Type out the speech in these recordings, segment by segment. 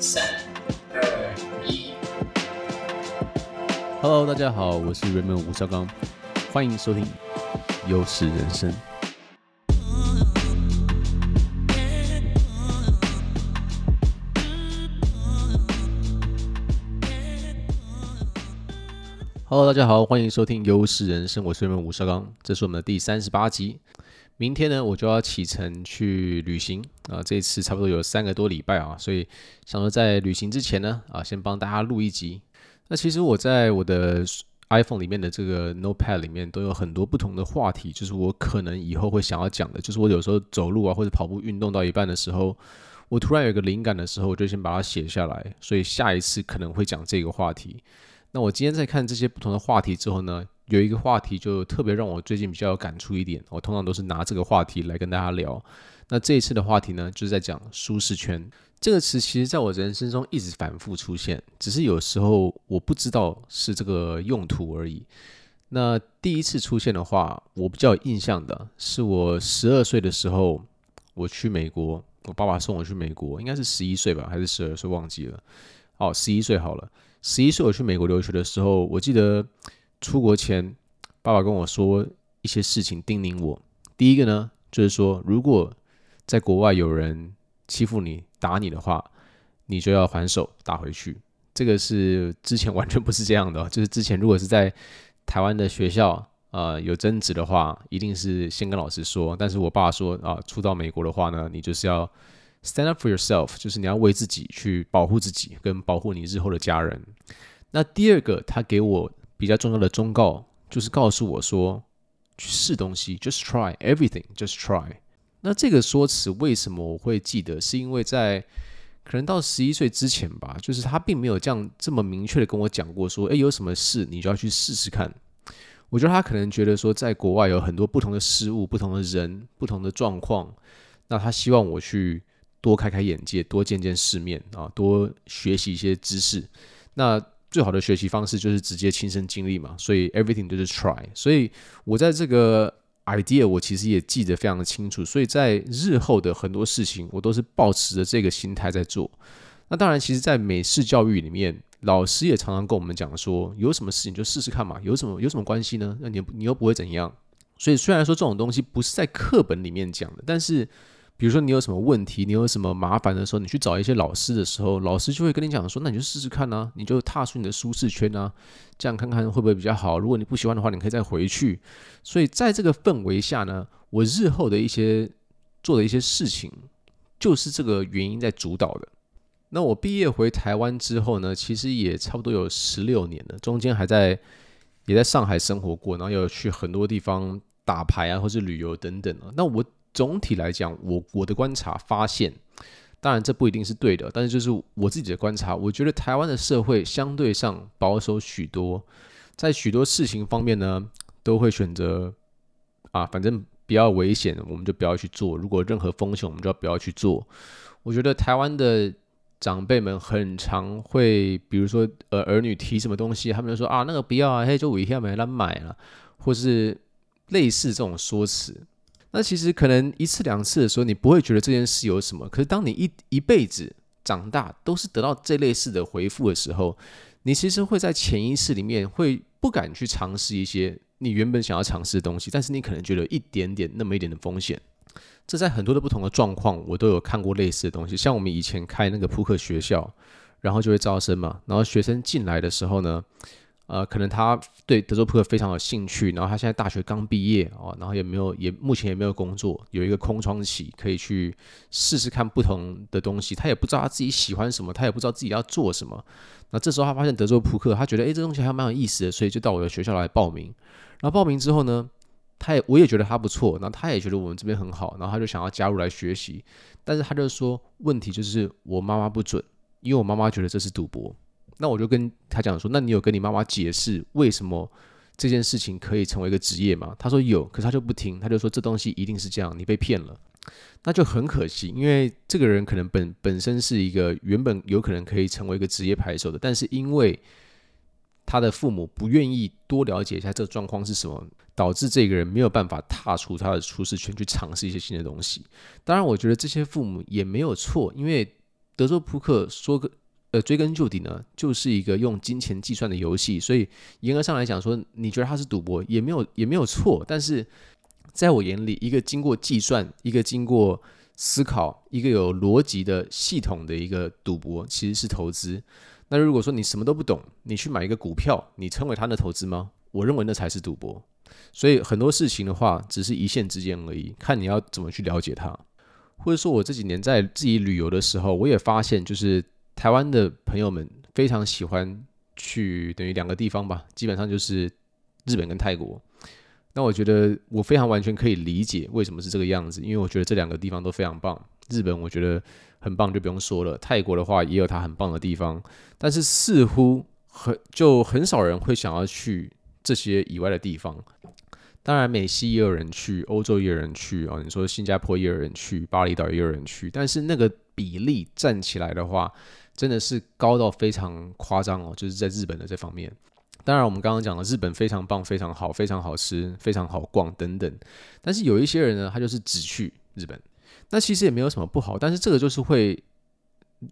三二一，Hello，大家好，我是 Raymond 吳紹剛，歡迎收聽《優勢人生》。Hello，大家好，歡迎收聽《優勢人生》，我是 Raymond 吳紹剛，這是我們的第三十八集。明天呢，我就要啟程去旅行啊！這一次差不多有三個多禮拜啊，所以想說在旅行之前呢，啊，先幫大家錄一集。那其實我在我的 iPhone 裡面的這個 Notepad 裡面都有很多不同的話題，就是我可能以後會想要講的，就是我有時候走路啊或者跑步運動到一半的時候，我突然有個靈感的時候，我就先把它寫下來，所以下一次可能會講這個話題。那我今天在看這些不同的話題之後呢，有一個話題就特別讓我最近比較有感觸一點，我通常都是拿這個話題來跟大家聊。那這一次的話題呢，就是在講“舒適圈”這個詞，其實在我人生中一直反復出現，只是有時候我不知道是這個用途而已。那第一次出現的話，我比較有印象的是我十二歲的時候，我去美國，我爸爸送我去美國，應該是十一歲吧，還是十二歲，忘記了。哦，十一歲好了。十一歲我去美國留學的時候，我記得。出國前，爸爸跟我說一些事情，叮嚀我。第一個呢，就是說，如果在國外有人欺負你、打你的話，你就要還手打回去。這個是之前完全不是這樣的，就是之前如果是在台灣的學校、呃，啊有爭執的話，一定是先跟老師說。但是我爸說，啊，出到美國的話呢，你就是要 stand up for yourself，就是你要為自己去保護自己，跟保護你日後的家人。那第二個，他給我。比較重要的忠告就是告訴我說，去試東西，Just try everything，just try。那這個說辭為什麼我會記得？是因為在可能到十一歲之前吧，就是他並沒有這樣這麼明確的跟我講過，說，誒、欸，有什麼事你就要去試試看。我覺得他可能覺得說，在國外有很多不同的事物、不同的人、不同的狀況，那他希望我去多開開眼界，多見見世面啊，多學習一些知識。那最好的學習方式就是直接親身經歷嘛，所以 everything 就是 try。所以我在這個 idea 我其實也記得非常的清楚，所以在日後的很多事情，我都是抱持著這個心態在做。那當然，其實，在美式教育裡面，老師也常常跟我們講說，有什麼事情就試試看嘛，有什麼有什麼關係呢？那你你又不會怎樣？所以雖然說這種東西不是在課本裡面講的，但是。比如說你有什麼問題，你有什麼麻煩的時候，你去找一些老師的時候，老師就會跟你講說，那你就試試看啊，你就踏出你的舒適圈啊，這樣看看會不會比較好。如果你不喜歡的話，你可以再回去。所以在這個氛圍下呢，我日後的一些做的一些事情，就是這個原因在主導的。那我畢業回台灣之後呢，其實也差不多有十六年了，中間還在也在上海生活過，然後又去很多地方打牌啊，或是旅遊等等啊。那我。總體來講，我我的觀察發現，當然這不一定是對的，但是就是我自己的觀察，我覺得台灣的社會相對上保守許多，在許多事情方面呢，都會選擇啊，反正比較危險，我們就不要去做；如果任何風險，我們就要不要去做。我覺得台灣的長輩們很常會，比如說呃兒女提什麼東西，他們就說啊那個不要啊，嘿就我一天沒來買了啊，或是類似這種說辭。那其實可能一次兩次的時候，你不會覺得這件事有什麼。可是當你一一輩子長大都是得到這類似的回復的時候，你其實會在潛意識裡面會不敢去嘗試一些你原本想要嘗試的東西。但是你可能覺得有一點點那麼一點的風險，這在很多的不同的狀況，我都有看過類似的東西。像我們以前開那個撲克學校，然後就會招生嘛，然後學生進來的時候呢。呃，可能他對德州撲克非常有興趣，然後他現在大學剛畢業哦，然後也沒有，也目前也沒有工作，有一個空窗期可以去試試看不同的東西。他也不知道他自己喜歡什麼，他也不知道自己要做什麼。那這時候他發現德州撲克，他覺得誒，這東西還蠻有意思的，所以就到我的學校來報名。然後報名之後呢，他也，我也覺得他不錯，然後他也覺得我們這邊很好，然後他就想要加入來學習。但是他就說，問題就是我媽媽不准，因為我媽媽覺得這是賭博。那我就跟他講說，那你有跟你媽媽解釋為什麼這件事情可以成為一個職業嗎？他說有，可是他就不聽，他就說這東西一定是這樣，你被騙了。那就很可惜，因為這個人可能本本身是一個原本有可能可以成為一個職業牌手的，但是因為他的父母不願意多了解一下這個狀況是什麼，導致這個人沒有辦法踏出他的舒適圈去嘗試一些新的東西。當然，我覺得這些父母也沒有錯，因為德州撲克說個。呃，追根究底呢，就是一個用金錢計算的遊戲，所以嚴格上來講說，你覺得它是賭博，也沒有也沒有錯。但是在我眼裡，一個經過計算、一個經過思考、一個有邏輯的系統的一個賭博，其實是投資。那如果說你什麼都不懂，你去買一個股票，你稱為它的投資嗎？我認為那才是賭博。所以很多事情的話，只是一線之間而已，看你要怎麼去了解它。或者說，我這幾年在自己旅遊的時候，我也發現就是。台灣的朋友們非常喜歡去等於兩個地方吧，基本上就是日本跟泰國。那我覺得我非常完全可以理解為什麼是這個樣子，因為我覺得這兩個地方都非常棒。日本我覺得很棒就不用說了，泰國的話也有它很棒的地方。但是似乎很就很少人會想要去這些以外的地方。當然，美西也有人去，歐洲也有人去啊、哦。你說新加坡也有人去，巴厘島也有人去，但是那個比例佔起來的話。真的是高到非常誇張哦，就是在日本的這方面。當然，我們剛剛講了日本非常棒、非常好、非常好吃、非常好逛等等。但是有一些人呢，他就是只去日本，那其實也沒有什麼不好。但是這個就是會，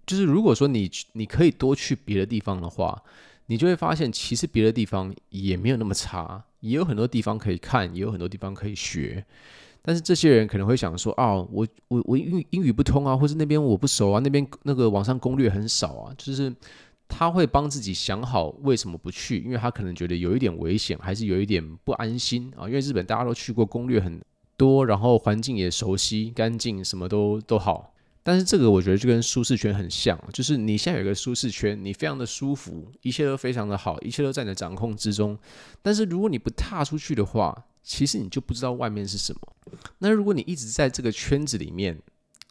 就是如果說你你可以多去別的地方的話，你就會發現其實別的地方也沒有那麼差，也有很多地方可以看，也有很多地方可以學。但是這些人可能會想說啊，我我我英英語不通啊，或是那邊我不熟啊，那邊那個網上攻略很少啊，就是他會幫自己想好為什麼不去，因為他可能覺得有一點危險，還是有一點不安心啊。因為日本大家都去過，攻略很多，然後環境也熟悉，乾淨，什麼都都好。但是這個我覺得就跟舒適圈很像，就是你現在有一個舒適圈，你非常的舒服，一切都非常的好，一切都在你的掌控之中。但是如果你不踏出去的話，其實你就不知道外面是什麼。那如果你一直在這個圈子裡面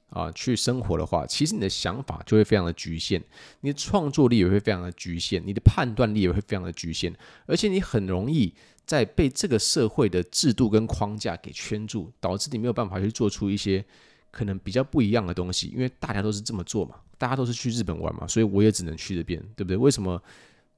啊去生活的話，其實你的想法就會非常的局限，你的創作力也會非常的局限，你的判斷力也會非常的局限，而且你很容易在被這個社會的制度跟框架給圈住，導致你沒有辦法去做出一些可能比較不一樣的東西。因為大家都是這麼做嘛，大家都是去日本玩嘛，所以我也只能去這邊，對不對？為什麼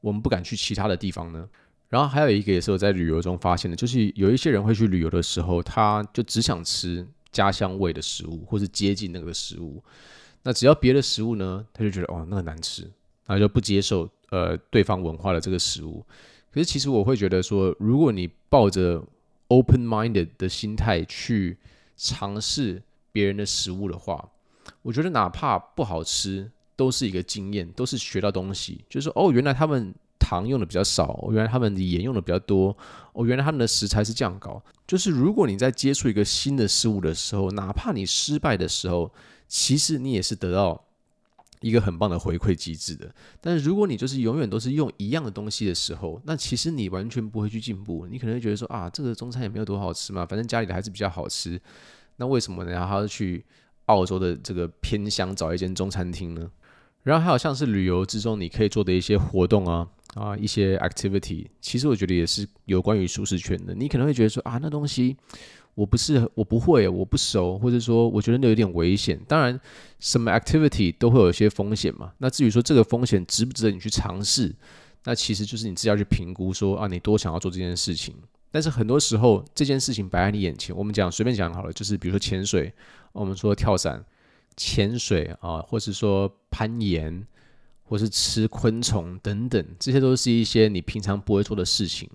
我們不敢去其他的地方呢？然後還有一個也是我在旅遊中發現的，就是有一些人會去旅遊的時候，他就只想吃家鄉味的食物，或是接近那個食物。那只要別的食物呢，他就覺得哦那個難吃，那就不接受呃對方文化的這個食物。可是其實我會覺得說，如果你抱着 open minded 的心態去嘗試別人的食物的話，我覺得哪怕不好吃，都是一個經驗，都是學到東西。就是說哦，原來他們。糖用的比較少，我、哦、原來他們的鹽用的比較多，哦，原來他們的食材是這樣搞。就是如果你在接觸一個新的事物的時候，哪怕你失敗的時候，其實你也是得到一個很棒的回饋機制的。但是如果你就是永遠都是用一樣的東西的時候，那其實你完全不會去進步。你可能會覺得說啊，這個中餐也沒有多好吃嘛，反正家裡的還是比較好吃。那為什麼呢？然後他要去澳洲的這個偏鄉找一間中餐廳呢？然後還有像是旅遊之中你可以做的一些活動啊啊一些 activity，其實我覺得也是有關於舒適圈的。你可能會覺得說啊，那東西我不是，我不會，我不熟，或者說我覺得那有點危險。當然什麼 activity 都會有一些風險嘛。那至於說這個風險值不值得你去嘗試，那其實就是你自己要去評估說啊，你多想要做這件事情。但是很多時候這件事情擺在你眼前，我們講隨便講好了，就是比如說潛水，我們說跳傘。潛水啊，或是說攀岩，或是吃昆蟲等等，這些都是一些你平常不會做的事情。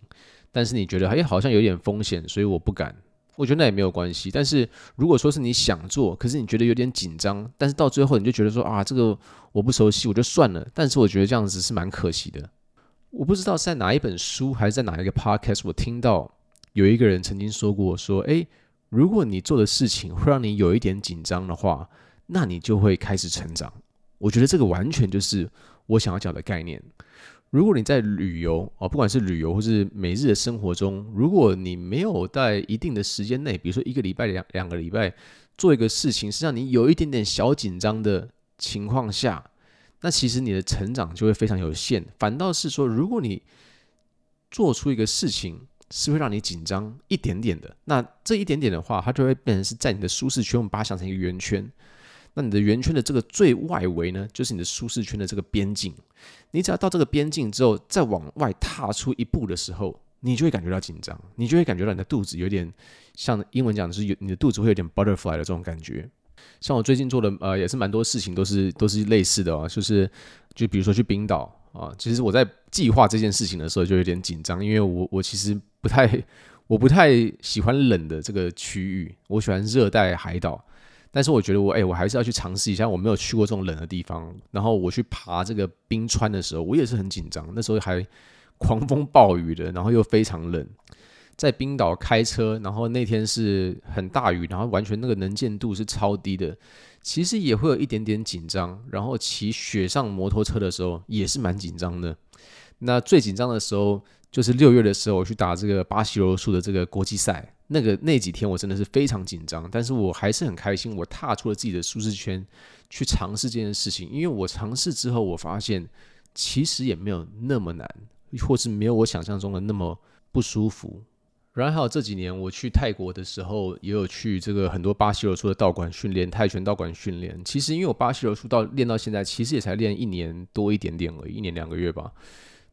但是你覺得哎，好像有點風險，所以我不敢。我覺得那也沒有關係。但是如果說是你想做，可是你覺得有點緊張，但是到最後你就覺得說啊，這個我不熟悉，我就算了。但是我覺得這樣子是蠻可惜的。我不知道在哪一本書還是在哪一個 podcast，我聽到有一個人曾經說過說，哎，如果你做的事情會讓你有一點緊張的話。那你就會開始成長。我覺得這個完全就是我想要講的概念。如果你在旅遊啊，不管是旅遊或是每日的生活中，如果你沒有在一定的時間內，比如說一個禮拜、兩兩個禮拜，做一個事情，是讓你有一點點小緊張的情況下，那其實你的成長就會非常有限。反倒是說，如果你做出一個事情是會讓你緊張一點點的，那這一點點的話，它就會變成是在你的舒適圈，我們把它想成一個圓圈。那你的圓圈的這個最外圍呢，就是你的舒適圈的這個邊境。你只要到這個邊境之後，再往外踏出一步的時候，你就會感覺到緊張，你就會感覺到你的肚子有點像英文講的是有你的肚子會有點 butterfly 的這種感覺。像我最近做的呃，也是蠻多事情都是都是類似的哦，就是就比如說去冰島啊，哦，其實我在計劃這件事情的時候就有點緊張，因為我我其實不太我不太喜歡冷的這個區域，我喜歡熱帶海島。但是我覺得我誒、欸，我還是要去嘗試一下，我沒有去過這種冷的地方。然後我去爬這個冰川的時候，我也是很緊張。那時候還狂風暴雨的，然後又非常冷。在冰島開車，然後那天是很大雨，然後完全那個能見度是超低的，其實也會有一點點緊張。然後騎雪上摩托車的時候也是蠻緊張的。那最緊張的時候就是六月的時候我去打這個巴西柔術的這個國際賽。那個那幾天我真的是非常緊張，但是我還是很開心。我踏出了自己的舒適圈，去嘗試這件事情。因為我嘗試之後，我發現其實也沒有那麼難，或是沒有我想象中的那麼不舒服。然後還有這幾年我去泰國的時候，也有去這個很多巴西柔術的道館訓練，泰拳道館訓練。其實因為我巴西柔術到練到現在，其實也才練一年多一點點而已，一年兩個月吧。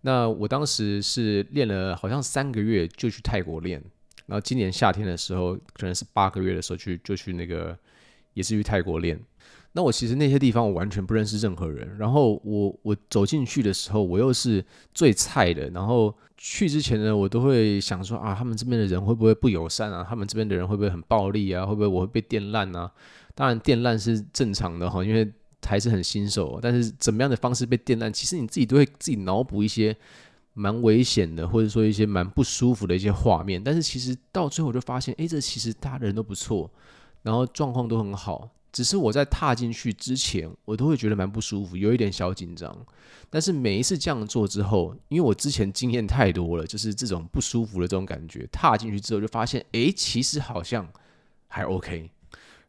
那我當時是練了好像三個月就去泰國練。然後今年夏天的時候，可能是八個月的時候去，就去那個，也是去泰國練。那我其實那些地方我完全不認識任何人。然後我我走進去的時候，我又是最菜的。然後去之前呢，我都會想說啊，他們這邊的人會不會不友善啊？他們這邊的人會不會很暴力啊？會不會我會被電爛啊？當然電爛是正常的哈，因為還是很新手。但是怎麼樣的方式被電爛，其實你自己都會自己腦補一些。蠻危險的，或者說一些蠻不舒服的一些畫面，但是其實到最後就發現，哎，這其實大家人都不錯，然後狀況都很好，只是我在踏進去之前，我都會覺得蠻不舒服，有一點小緊張。但是每一次這樣做之後，因為我之前經驗太多了，就是這種不舒服的這種感覺，踏進去之後就發現，哎，其實好像還 OK。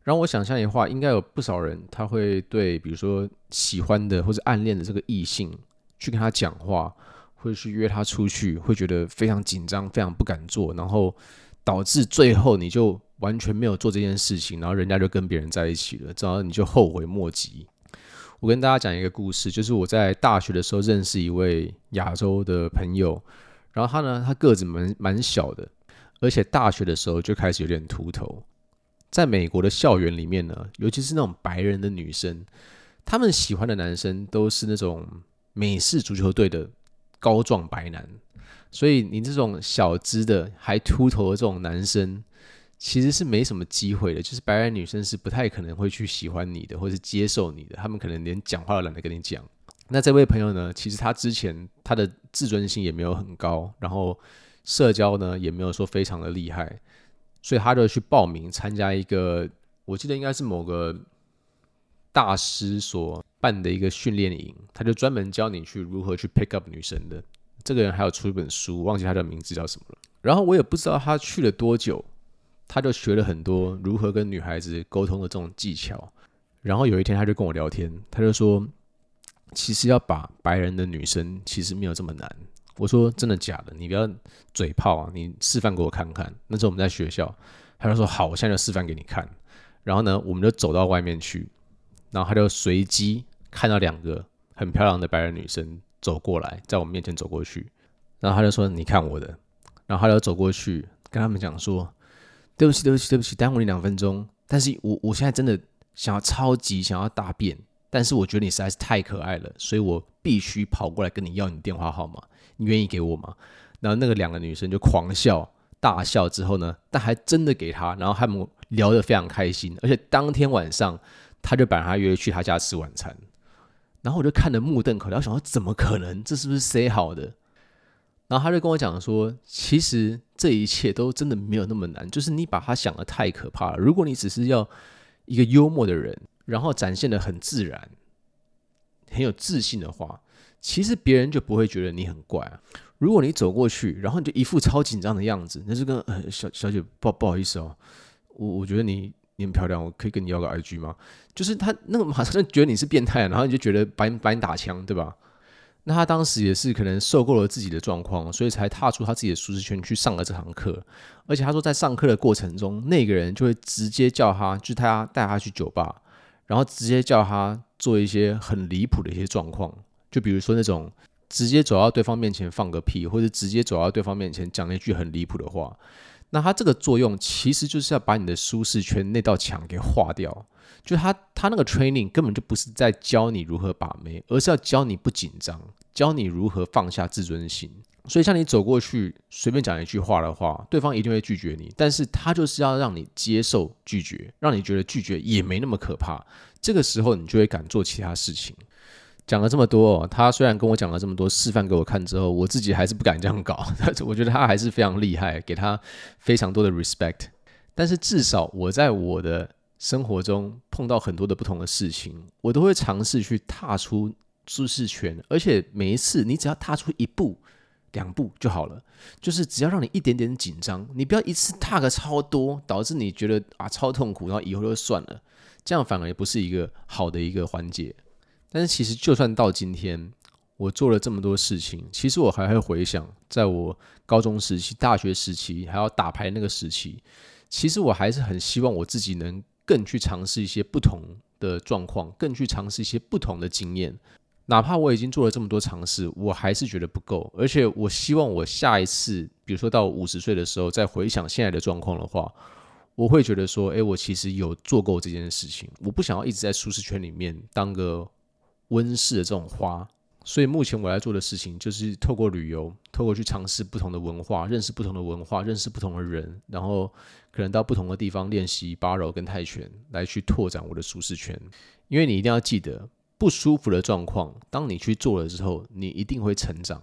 讓我想象的話，應該有不少人他會對，比如說喜歡的或者暗戀的這個異性去跟他講話。會去約他出去，會覺得非常緊張，非常不敢做，然後導致最後你就完全沒有做這件事情，然後人家就跟別人在一起了，然後你就後悔莫及。我跟大家講一個故事，就是我在大學的時候認識一位亞洲的朋友，然後他呢，他個子蠻蠻小的，而且大學的時候就開始有點禿頭。在美國的校園裡面呢，尤其是那種白人的女生，他們喜歡的男生都是那種美式足球隊的，高壯白男，所以你這種小資的還禿頭的這種男生，其實是沒什麼機會的。就是白人女生是不太可能會去喜歡你的，或是接受你的，他們可能連講話都懶得跟你講。那這位朋友呢，其實他之前他的自尊心也沒有很高，然後社交呢也沒有說非常的厲害，所以他就去報名參加一個，我記得應該是某個大師所。辦的一個訓練營，他就專門教你去如何去 pick up 女神的。這個人還有出一本書，忘記他的名字叫什麼了。然後我也不知道他去了多久，他就學了很多如何跟女孩子溝通的這種技巧。然後有一天他就跟我聊天，他就說：“其實要把白人的女生，其實沒有這麼難。”我說：“真的假的？你不要嘴炮啊！你示範給我看看。”那時候我們在學校，他就說：“好，我現在就示範給你看。”然後呢，我們就走到外面去，然後他就隨機。看到兩個很漂亮的白人女生走過來，在我面前走過去，然後他就說：“你看我的。”然後他就走過去跟他們講說：“對不起，對不起，對不起，耽誤你兩分鐘。但是我我現在真的想要超級想要大便，但是我覺得你實在是太可愛了，所以我必須跑過來跟你要你電話號碼，你願意給我嗎？”然後那個兩個女生就狂笑，大笑之後呢，但還真的給他，然後他們聊得非常開心，而且當天晚上他就把他約去他家吃晚餐。然後我就看得目瞪口呆，我想說怎麼可能？這是不是塞好的？然後他就跟我講說，其實這一切都真的沒有那麼難，就是你把他想的太可怕了。如果你只是要一個幽默的人，然後展現的很自然、很有自信的話，其實別人就不會覺得你很怪啊。如果你走過去，然後你就一副超緊張的樣子，那是跟、呃、小小姐不不好意思哦，我我覺得你。你很漂亮，我可以跟你要個 IG 嗎？就是他那個馬上就覺得你是變態，然後你就覺得把你把你打槍，對吧？那他當時也是可能受夠了自己的狀況，所以才踏出他自己的舒適圈去上了這堂課。而且他說，在上課的過程中，那個人就會直接叫他，就是他帶他去酒吧，然後直接叫他做一些很離譜的一些狀況，就比如說那種直接走到對方面前放個屁，或者直接走到對方面前講了一句很離譜的話。那它這個作用，其實就是要把你的舒適圈那道牆給化掉。就它它那個 training 根本就不是在教你如何把妹，而是要教你不緊張，教你如何放下自尊心。所以像你走過去隨便講一句話的話，對方一定會拒絕你。但是他就是要讓你接受拒絕，讓你覺得拒絕也沒那麼可怕。這個時候你就會敢做其他事情。講了這麼多，他雖然跟我講了這麼多示範給我看之後，我自己還是不敢這樣搞。但是我覺得他還是非常厲害，給他非常多的 respect。但是至少我在我的生活中碰到很多的不同的事情，我都會嘗試去踏出舒適圈，而且每一次你只要踏出一步、兩步就好了。就是只要讓你一點點緊張，你不要一次踏個超多，導致你覺得啊超痛苦，然後以後就算了。這樣反而不是一個好的一個環節。但是其實，就算到今天，我做了這麼多事情，其實我還會回想，在我高中時期、大學時期，還要打牌那個時期。其實我還是很希望我自己能更去嘗試一些不同的狀況，更去嘗試一些不同的經驗。哪怕我已經做了這麼多嘗試，我還是覺得不夠。而且我希望我下一次，比如說到五十歲的時候，再回想現在的狀況的話，我會覺得說：“誒，我其實有做夠這件事情。我不想要一直在舒適圈裡面當個”溫室的這種花，所以目前我要做的事情就是透過旅遊，透過去嘗試不同的文化，認識不同的文化，認識不同的人，然後可能到不同的地方練習巴柔跟泰拳，來去拓展我的舒適圈。因為你一定要記得，不舒服的狀況，當你去做了之後，你一定會成長。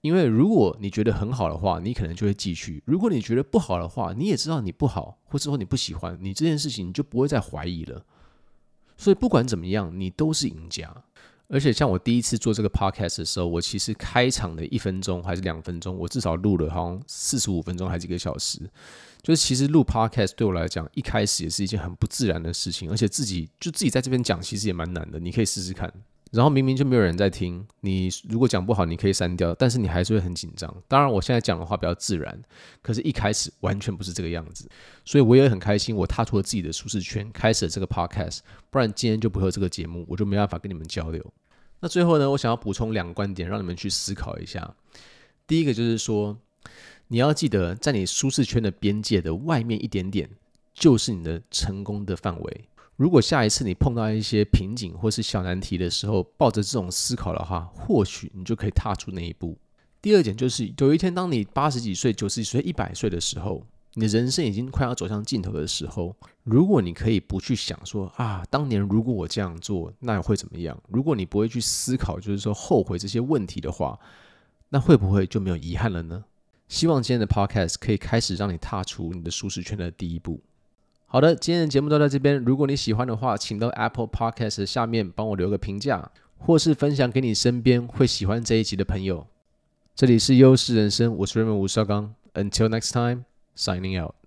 因為如果你覺得很好的話，你可能就會繼續；如果你覺得不好的話，你也知道你不好，或者說你不喜歡，你這件事情你就不會再懷疑了。所以不管怎麼樣，你都是贏家。而且像我第一次做這個 podcast 的時候，我其實開場的一分鐘還是兩分鐘，我至少錄了好像四十五分鐘還是一個小時。就是其實錄 podcast 對我來講，一開始也是一件很不自然的事情，而且自己就自己在這邊講，其實也蠻難的。你可以試試看。然後明明就沒有人在聽，你如果講不好，你可以刪掉，但是你還是會很緊張。當然，我現在講的話比較自然，可是，一開始完全不是這個樣子。所以我也很開心，我踏出了自己的舒適圈，開始了這個 podcast。不然今天就不會有這個節目，我就沒辦法跟你們交流。那最後呢，我想要補充兩個觀點，讓你們去思考一下。第一個就是說，你要記得，在你舒適圈的邊界的外面一點點，就是你的成功的範圍。如果下一次你碰到一些瓶頸或是小難題的時候，抱着這種思考的話，或許你就可以踏出那一步。第二點就是，有一天當你八十幾歲、九十幾歲、一百歲的時候，你人生已經快要走向盡頭的時候，如果你可以不去想說啊，當年如果我這樣做，那會怎麼樣？如果你不會去思考，就是說後悔這些問題的話，那會不會就沒有遺憾了呢？希望今天的 Podcast 可以開始讓你踏出你的舒適圈的第一步。好的，今天的節目就到這邊。如果你喜歡的話，請到 Apple Podcast 下面幫我留個評價，或是分享給你身邊會喜歡這一集的朋友。這裡是優勢人生，我是 Raymond 吳紹剛。Until next time, signing out.